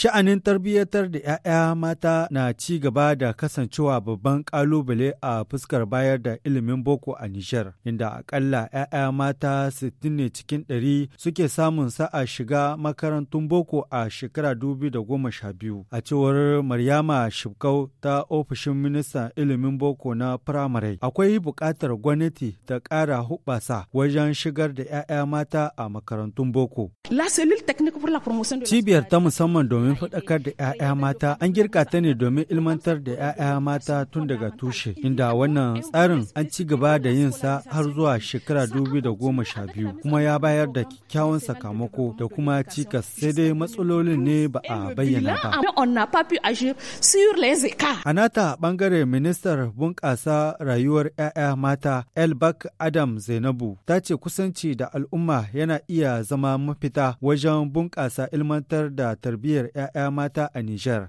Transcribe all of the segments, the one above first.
Sha'anin tarbiyyatar da 'ya'ya mata na ci gaba da kasancewa babban ƙalubale a fuskar bayar da ilimin boko a Nijar, inda akalla 'ya'ya mata 60 ne cikin 100 suke samun sa'a shiga makarantun boko a shekara 2012. A cewar Maryama Shibkau ta ofishin ministan ilimin boko na firamare, akwai buƙatar gwamnati ta ƙara hubasa wajen shigar da 'ya'ya mata a makarantun boko. Cibiyar ta musamman domin domin faɗakar da 'ya'ya mata an girka ta ne domin ilmantar da 'ya'ya mata tun daga tushe inda wannan tsarin an ci gaba da yin sa har zuwa shekara da goma sha biyu kuma ya bayar da kyakkyawan sakamako da kuma cikas sai dai matsalolin ne ba a bayyana ba. A nata bangare ministar bunƙasa rayuwar 'ya'ya mata Elbak Adam Zainabu ta ce kusanci da al'umma yana iya zama mafita wajen bunƙasa ilmantar da tarbiyyar 'ya'ya mata a Nijar.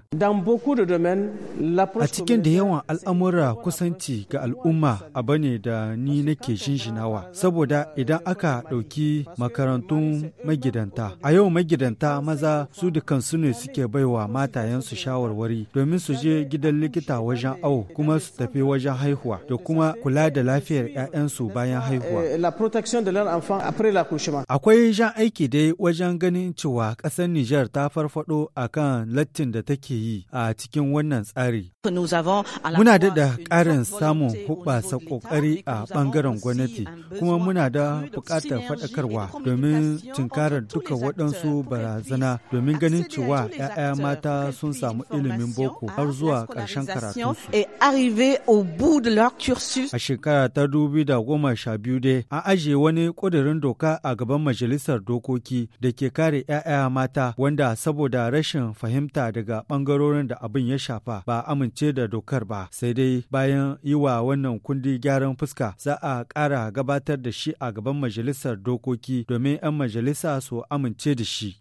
A cikin da yawan al'amura kusanci ga al'umma a bane da ni nake shinshinawa, saboda idan aka ɗauki makarantun magidanta. A yau magidanta maza su da kansu ne suke baiwa matayensu shawarwari domin su je gidan likita wajen awo kuma su tafi wajen haihuwa da kuma kula da lafiyar 'ya'yansu euh, bayan haihuwa. Euh, Akwai jan aiki dai wajen ganin cewa ƙasar Nijar ta farfado a akan lattin da take yi a cikin wannan tsari. Muna da ƙarin samun huɓasa ƙoƙari a ɓangaren gwamnati, kuma muna da buƙatar faɗakarwa domin tunkarar duka waɗansu barazana domin ganin cewa 'ya'ya mata sun samu ilimin boko har zuwa ƙarshen karatunsu. A shekara ta dubi da dai, an ajiye wani ƙudurin doka a gaban majalisar dokoki da ke kare 'ya'ya mata wanda saboda rashin rashin fahimta daga ɓangarorin da abin ya shafa ba amince da dokar ba sai dai bayan yi wa wannan kundi gyaran fuska za a ƙara gabatar da shi a gaban majalisar dokoki domin 'yan majalisa su amince da shi.